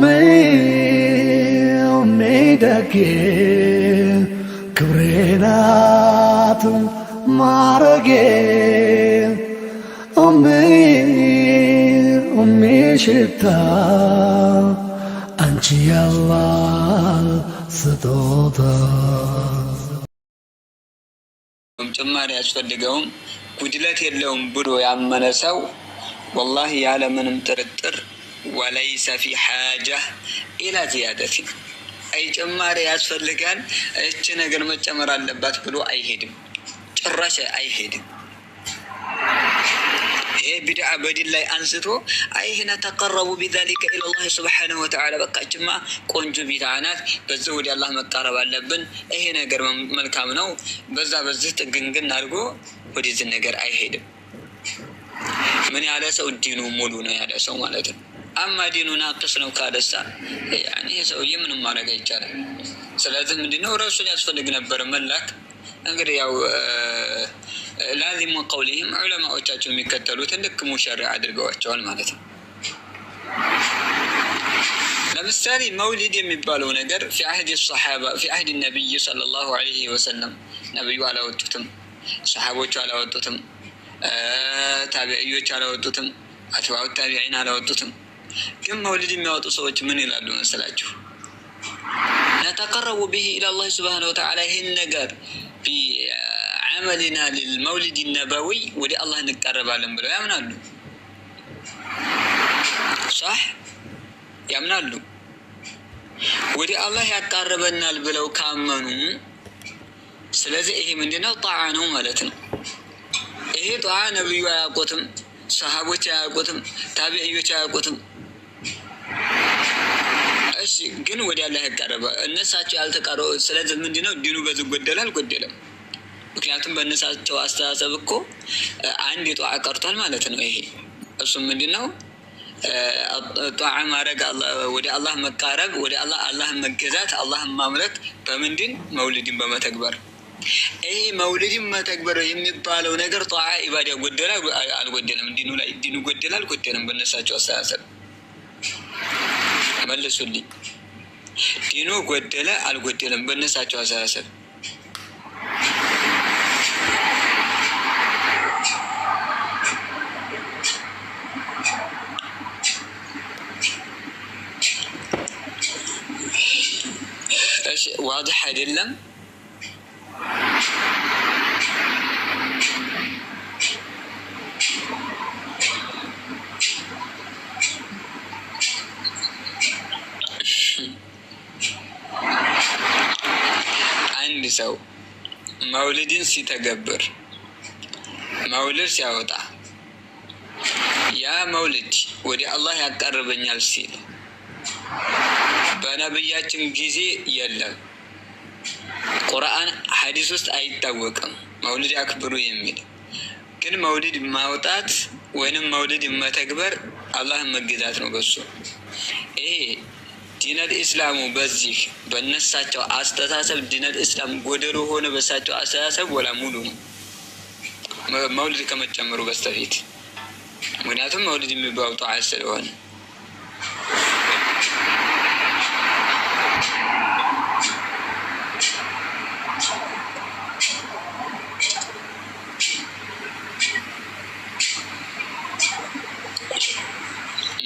ሜሜደጌ ክብሬናት ማረጌ ኦሜ ኦሜ ሽታ አንቺ ያላል ስጦታ ጭማሪ ያስፈልገውም ጉድለት የለውም ብሎ ያመነ ሰው ወላሂ ያለምንም ጥርጥር ወለይሰ ፊ ሓጃ ኢላ ዝያደት አይ ጭማሪ ያስፈልጋል እች ነገር መጨመር አለባት ብሎ አይሄድም። ጭራሽ አይሄድም። ይሄ ቢድዓ በዲን ላይ አንስቶ አይ ህና ተቀረቡ ቢዛሊከ ኢለላህ ስብሓነሁ ወተዓላ። በቃ ችማ ቆንጆ ቢድዓ ናት። በዚህ ወደ አላህ መቃረብ አለብን። ይሄ ነገር መልካም ነው። በዛ በዚህ ጥግንግን አድርጎ ወደዚህ ነገር አይሄድም። ምን ያለ ሰው ዲኑ ሙሉ ነው ያለ ሰው ማለት ነው። አማ ዲኑን አቅስ ነው ካለሳ ይህ ሰውዬ ምንም ማድረግ አይቻልም። ስለዚህ ምንድነው ረሱል ያስፈልግ ነበር መላክ። እንግዲህ ያው ላዚሙ ቀውሊህም ዑለማዎቻቸው የሚከተሉትን ልክ ሙሸሪ አድርገዋቸዋል ማለት ነው። ለምሳሌ መውሊድ የሚባለው ነገር ፊ አህድ ሰሓባ ፊ አህድ ነቢይ ሰለላሁ ዐለይሂ ወሰለም ነቢዩ አላወጡትም፣ ሰሓቦቹ አላወጡትም፣ ታቢዕዮች አላወጡትም፣ አትባዑ ታቢዒን አላወጡትም። ግን መውሊድ የሚያወጡ ሰዎች ምን ይላሉ መሰላችሁ? ነተቀረቡ ብሂ ኢለላህ ስብሃነ ወተዓላ ይህን ነገር ቢዓመሊና ልልመውሊድ ነበዊ ወደ አላህ እንቀረባለን ብለው ያምናሉ። ሳሕ ያምናሉ። ወደ አላህ ያቃረበናል ብለው ካመኑ ስለዚህ ይሄ ምንድነው? ጣዓ ነው ማለት ነው። ይሄ ጣዓ ነብዩ አያውቁትም፣ ሰሃቦች አያውቁትም፣ ታቢዕዮች አያውቁትም። እሺ ግን ወደ አላህ ቀረበ። እነሳቸው ያልተቀረ ስለዚህ ምንድን ነው ዲኑ በዚህ ጎደለ አልጎደለም? ምክንያቱም በእነሳቸው አስተሳሰብ እኮ አንድ የጠዋ ቀርቷል ማለት ነው። ይሄ እሱም ምንድን ነው ማድረግ ወደ አላህ መቃረብ፣ ወደ አላህ አላህን መገዛት፣ አላህን ማምለክ በምንድን መውልድን በመተግበር ይሄ መውልድን መተግበር የሚባለው ነገር ጧዓ ኢባዳ ጎደለ አልጎደለም? ዲኑ ላይ ዲኑ ጎደለ አልጎደለም? በእነሳቸው አስተሳሰብ መልሱልኝ። ዲኑ ጎደለ አልጎደለም? በእነሳቸው አሰባሰብ ዋድሕ አይደለም። ሰው መውሊድን ሲተገብር መውልድ ሲያወጣ ያ መውልድ ወደ አላህ ያቀርበኛል ሲል በነብያችን ጊዜ የለም። ቁርአን ሐዲስ ውስጥ አይታወቅም መውሊድ አክብሩ የሚል ግን መውሊድ ማውጣት ወይንም መውሊድ መተግበር አላህን መገዛት ነው በሱ ይሄ دين الإسلام بزيف بالنس ساتو أستاذ دين الإسلام قدره هنا بس ساتو أستاذ ولا مولو مولد كم تمرو بس تفيت من هذا مولد مبعوط عسل هون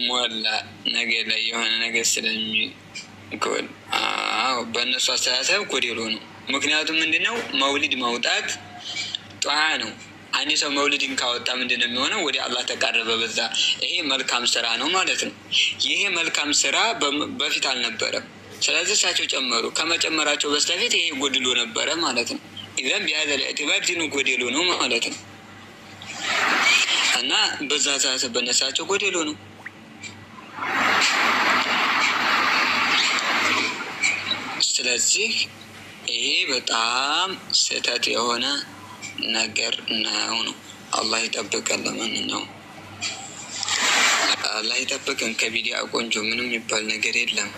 more than that. ነገ ላይ የሆነ ነገር ስለሚ በእነሱ አስተሳሰብ ጎደሎ ነው። ምክንያቱም ምንድነው መውሊድ ማውጣት ጠዋ ነው። አንድ ሰው መውሊድን ካወጣ ምንድን ነው የሚሆነው? ወደ አላህ ተቃረበ። በዛ ይሄ መልካም ስራ ነው ማለት ነው። ይሄ መልካም ስራ በፊት አልነበረም። ስለዚህ እሳቸው ጨመሩ። ከመጨመራቸው በስተፊት ይሄ ጎድሎ ነበረ ማለት ነው። ኢዘን ቢያዘ ልዕትባር ዲኑ ጎደሎ ነው ማለት ነው እና በዛ ሳሰብ በነሳቸው ጎደሎ ነው። ስለዚህ ይሄ በጣም ስህተት የሆነ ነገር ነው ነው። አላህ ይጠብቀን። ለማንኛውም አላህ ይጠብቀን። ከቪዲያ ቆንጆ ምንም የሚባል ነገር የለም።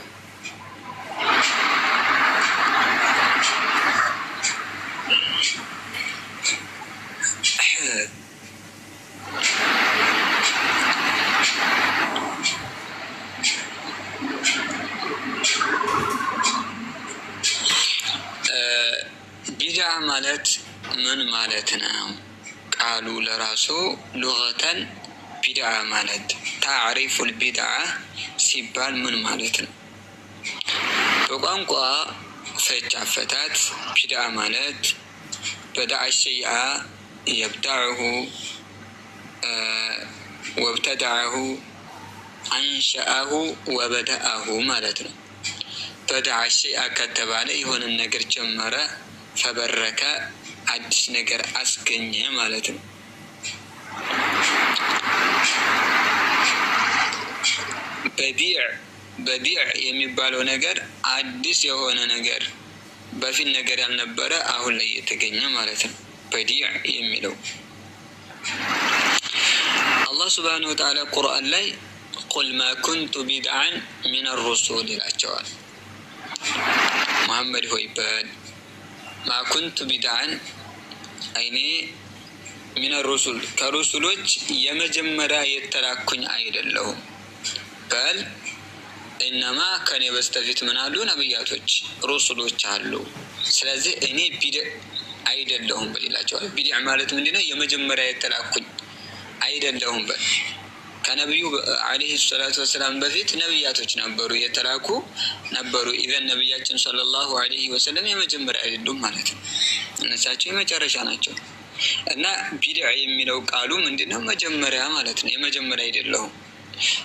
ማለት ምን ማለት ነው? ቃሉ ለራሱ ሉቀተን ቢድአ ማለት ታዕሪፉል ቢድዓ ሲባል ምን ማለት ነው? በቋንቋ ፈች አፈታት ቢድዓ ማለት በዳዓ ሸይአ የብዳዕሁ ወብተዳዕሁ አንሸአሁ ወበደአሁ ማለት ነው። በዳዓ ሸይአ ከተባለ የሆነን ነገር ጀመረ ፈበረከ አዲስ ነገር አስገኘ ማለት ነው። በቢዕ በቢዕ የሚባለው ነገር አዲስ የሆነ ነገር በፊት ነገር ያልነበረ አሁን ላይ የተገኘ ማለት ነው። በዲዕ የሚለው አላህ ስብሓነሁ ወተዓላ ቁርአን ላይ ቁል ማ ኩንቱ ቢድዓን ሚን ሩሱል ይላቸዋል። መሐመድ ሆይ በል ማኩንቱ ቢድዓን አይኔ ሚነ ሩሱል ከሩሱሎች የመጀመሪያ የተላኩኝ አይደለሁም። በል እነማ ከኔ በስተፊት ምን አሉ ነብያቶች ሩሱሎች አሉ። ስለዚህ እኔ ቢድዕ አይደለሁም በል ይላቸዋል። ቢድዕ ማለት ምንድነው? የመጀመሪያ የተላኩኝ አይደለሁም በል ከነቢዩ አለይሂ ሰላቱ ወሰላም በፊት ነቢያቶች ነበሩ፣ የተላኩ ነበሩ። ኢዘን ነቢያችን ሰለላሁ አለይሂ ወሰለም የመጀመሪያ አይደሉም ማለት ነው። እነሳቸው የመጨረሻ ናቸው። እና ቢድዕ የሚለው ቃሉ ምንድን ነው? መጀመሪያ ማለት ነው። የመጀመሪያ አይደለሁም።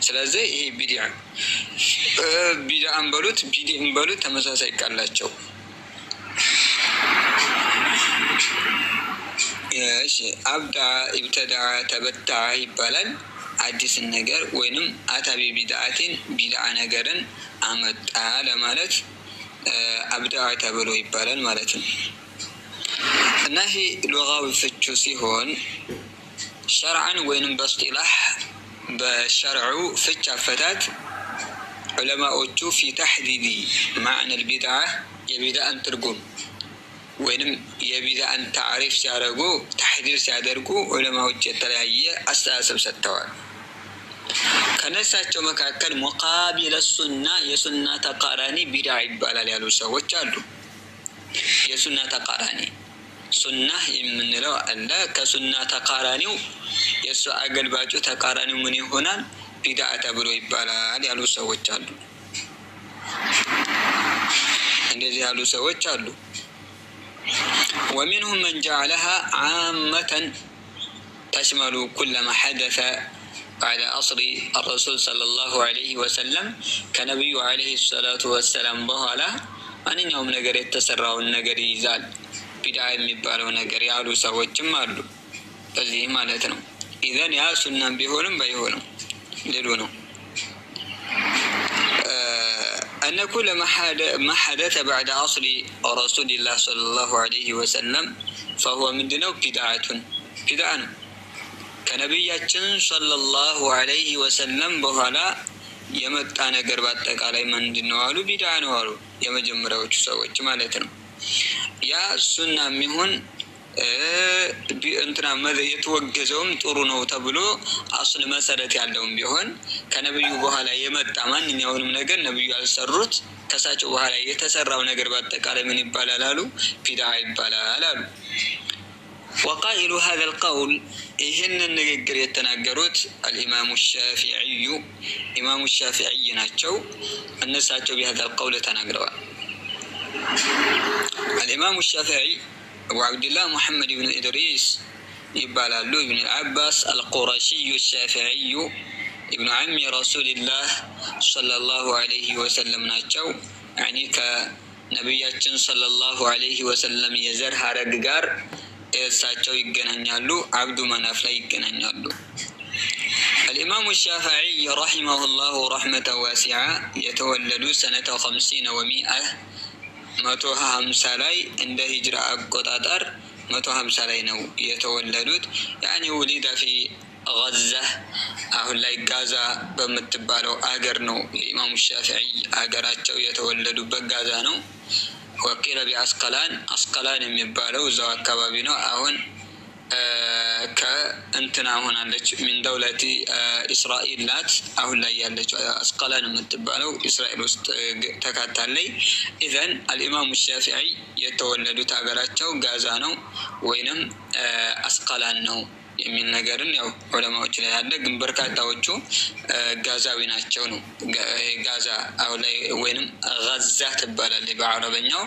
ስለዚህ ይሄ ቢድዓ ቢድዓን በሉት ቢድዕን በሉት ተመሳሳይ ቃላቸው እሺ አብዳ፣ ኢብተዳ፣ ተበታ ይባላል። عدس النجار وينم أتابع بدعتين بدع نجارن عمد على مالت أبدع تبلو يبال مالت نهي لغوي فتشوسي هون شرعا وينم باصطلاح بشرع فتش فتات علماء أوتشو في تحديد معنى البدعة يبدأ أن ترقم وينم يبدأ أن تعرف سيارقو تحديد سيارقو علماء أوتشو تلاهية أساسا ستوان ከነሳቸው መካከል ሙቃቢለ ሱና የሱና ተቃራኒ ቢድዓ ይባላል ያሉ ሰዎች አሉ። የሱና ተቃራኒ ሱና የምንለው አለ። ከሱና ተቃራኒው የእሱ አገልባጩ ተቃራኒው ምን ይሆናል? ቢዳ ተብሎ ይባላል ያሉ ሰዎች አሉ። እንደዚህ ያሉ ሰዎች አሉ። ወሚንሁም መን ጀዐለሃ ዓመተን ተሽመሉ ኩለ ማ ሐደሰ على أصر الرسول صلى الله عليه وسلم كنبي عليه الصلاة والسلام بحالة أن يوم نقر التسرع النقر يزال بداية مبالة ونقر يعلو سوى الجمال فزيه ما لتنو إذن يا سنة بيهولم بيهولم للونو أن كل ما حدث بعد عصر رسول الله صلى الله عليه وسلم فهو من دنو بداية بداية ከነቢያችን ሰለላሁ አለይህ ወሰለም በኋላ የመጣ ነገር በአጠቃላይ ምንድን ነው አሉ? ቢድዓ ነው አሉ። የመጀመሪያዎቹ ሰዎች ማለት ነው። ያ ሱና የሚሆን እንትና የተወገዘውም ጥሩ ነው ተብሎ አስል መሰረት ያለውም ቢሆን ከነብዩ በኋላ የመጣ ማንኛውንም ነገር ነብዩ ያልሰሩት ከሳቸው በኋላ የተሰራው ነገር በአጠቃላይ ምን ይባላል አሉ? ቢድዓ ይባላል አሉ። وقائل هذا القول إهن النجر يتناجروت الإمام الشافعي إمام الشافعي ناتشو النساتشو بهذا القول تناجروا الإمام الشافعي أبو عبد الله محمد بن إدريس يبالا لو بن العباس القرشي الشافعي ابن عم رسول الله صلى الله عليه وسلم ناتشو يعني كنبياتشن صلى الله عليه وسلم يزر هارد እሳቸው ይገናኛሉ። አብዱ መናፍ ላይ ይገናኛሉ። አልኢማሙ ሻፍዒይ ረሒመሁ ላሁ ረሕመተ ዋሲዓ የተወለዱ ሰነተ ከምሲነ ወሚአ መቶ ሀምሳ ላይ እንደ ሂጅራ አቆጣጠር መቶ ሀምሳ ላይ ነው የተወለዱት። ያኒ ውሊደ ፊ ጋዛ አሁን ላይ ጋዛ በምትባለው አገር ነው የኢማሙ ሻፍዒይ አገራቸው የተወለዱበት ጋዛ ነው። ወቂለ ቢአስቀላን አስቀላን የሚባለው እዛው አካባቢ ነው። አሁን ከእንትና ሆናለች ሚን ደውለቲ እስራኤል ናት አሁን ላይ ያለች አስቀላን የምትባለው እስራኤል ውስጥ ተካታለይ። ኢዘን አልኢማሙ ሻፊዒ የተወለዱት ሀገራቸው ጋዛ ነው ወይንም አስቀላን ነው። የሚል ነገርን ያው ዑለማዎች ላይ አለ። ግን በርካታዎቹ ጋዛዊ ናቸው ነው። ጋዛ አሁ ላይ ወይንም ጋዛ ትባላል በአረበኛው።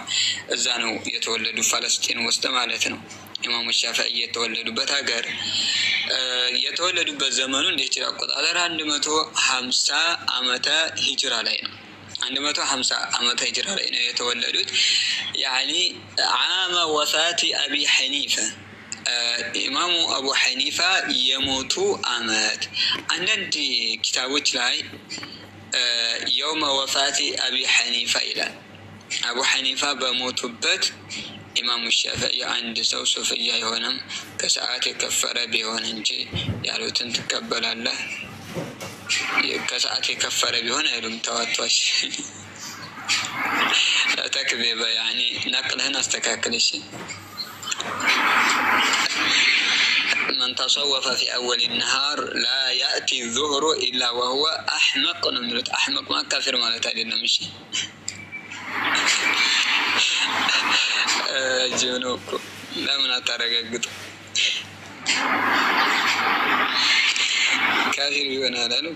እዛ ነው የተወለዱ ፈለስጢን ውስጥ ማለት ነው። ኢማሙ ሻፊዒ የተወለዱበት ሀገር የተወለዱበት ዘመኑ እንደ ሂጅራ አቆጣጠር አንድ መቶ ሀምሳ አመተ ሂጅራ ላይ ነው። አንድ መቶ ሀምሳ አመተ ሂጅራ ላይ ነው የተወለዱት። ያኒ አመ ወፋቲ አቢ ሐኒፈ ኢማሙ አቡ ሐኒፋ የሞቱ አመት አንዳንድ ኪታቦች ላይ የውመ ወፋቲ አቢ ሐኒፋ ይላል። አቡ ሐኒፋ በሞቱበት ኢማሙ ሻፊዒ አንድ ሰው ሱፍያ የሆነም ከሰዓት የከፈረ ቢሆን እንጂ ያሉትን ትቀበላለህ። ከሰዓት የከፈረ ቢሆን አይሉም። ተዋቷሽ ተክቤበ ያኒ ነቅልህን አስተካክልሽ من تصوف في أول النهار لا يأتي الظهر إلا وهو أحمق أحمق ما كافر ما لتالي نمشي آه، جنوك لا من أترقق كافر بيونا لنو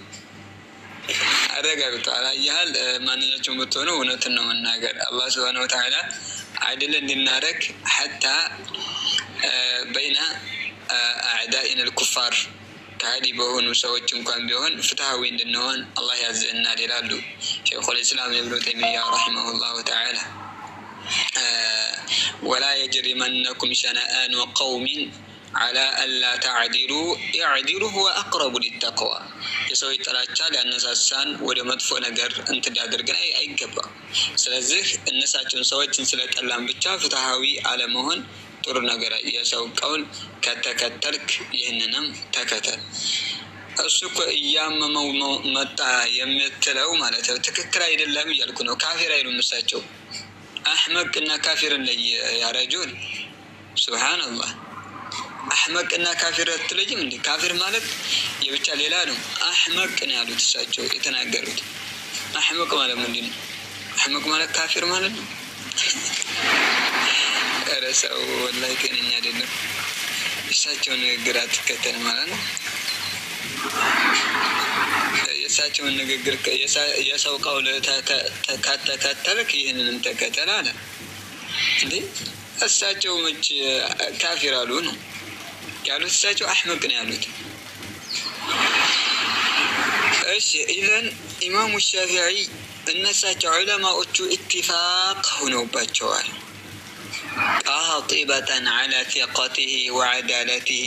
አረጋግጡ አላያህል ማንኛቸው ብትሆኑ እውነትን ነው መናገር አላህ ስብሃነ ወተዓላ አይደለ እንድናረግ ሐታ آه، بين آه، أعدائنا الكفار كهدي بهون وسويت كان بهون فتها وين دنون الله يعزنا لرادو شيخ الإسلام ابن تيمية رحمه الله تعالى آه، ولا يجرمنكم شنآن وقوم على ألا تعدلوا اعدلوا هو أقرب للتقوى يسوي تلاتشا لأن ساسان ولو مدفوع نقر أنت دادر قناع أي قبا سلزيخ النساء تنسويت سلت ألا مبتشا فتحاوي على مهن ጥሩ ነገር የሰውቀውን ከተከተልክ ይህንንም ተከተል። እሱ እኮ እያመመው መጣ የምትለው ማለት ነው፣ ትክክል አይደለም እያልኩ ነው። ካፊር አይሉም እሳቸው አሕመቅ እና ካፊርን ለይ ያረጁን። ሱብሓነላህ አሕመቅ እና ካፊር አትለይም እንዲ ካፊር ማለት የብቻ ሌላ ነው። አሕመቅ ነው ያሉት እሳቸው የተናገሩት። አሕመቅ ማለት ምንድን ነው? አሕመቅ ማለት ካፊር ማለት ነው። ኧረ ሰው ወላሂ ጤነኛ አይደለም። የእሳቸውን ንግግር አትከተል ማለት ነው። የእሳቸውን ንግግር የሰው ቀውል ካተከተልክ ይህንንም ተከተል አለ። እንዴ እሳቸው መች ካፊር አሉ ነው ያሉት። እሳቸው አሕመቅ ነው ያሉት። እሺ ኢዘን ኢማሙ ሻፊዒ እነሳቸው ዑለማዎቹ ኢትፋቅ ሆነውባቸዋል። ጢበተን ዐላ ሲቀቲሂ ወዐዳለቲሂ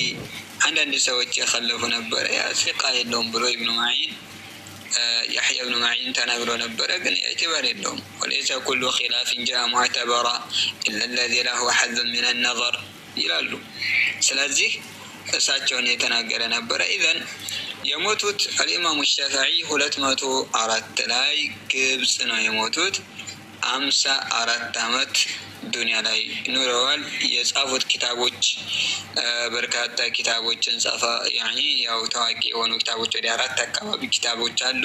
አንዳንድ ሰዎች የከለፉ ነበረ። ሲቃ የለውም ብሎ ኢብኑ ማዒን ያሕያ ብኑ ማዒን ተናግሮ ነበረ፣ ግን ኢዕትባር የለውም። ወለይሰ ኩሉ ኪላፍን ጃ ሙዕተበራ ኢለ ለዚ ለሁ ሐዙን ምን ነዘር ይላሉ። ስለዚህ እሳቸውን የተናገረ ነበረ። ኢዘን የሞቱት አልኢማሙ ሻፊዒ ሁለት መቶ አራት ላይ ግብፅ ነው የሞቱት። አምሳ አራት አመት ዱኒያ ላይ ኑረዋል። የጻፉት ኪታቦች በርካታ ኪታቦችን ጻፈ። ያኒ ያው ታዋቂ የሆኑ ኪታቦች ወደ አራት አካባቢ ኪታቦች አሉ።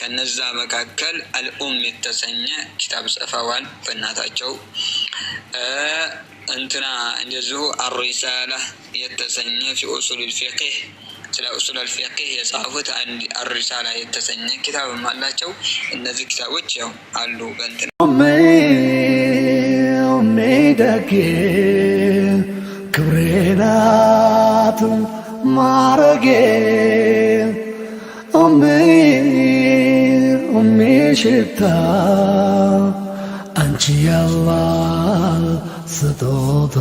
ከነዛ መካከል አልኡም የተሰኘ ኪታብ ጽፈዋል። በእናታቸው እንትና እንደዚሁ አሪሳላ የተሰኘ ፊ ኡሱል ልፊቅህ ስለ ኡሱለል ፊቅህ የጻፉት አንድ አሪሳላ የተሰኘ ኪታብም አላቸው። እነዚህ ኪታቦች ያው አሉ በእንትን ክብሬናት ማረጌ ሜር ሜ ሽታ አንቺ ያላ ስጦታ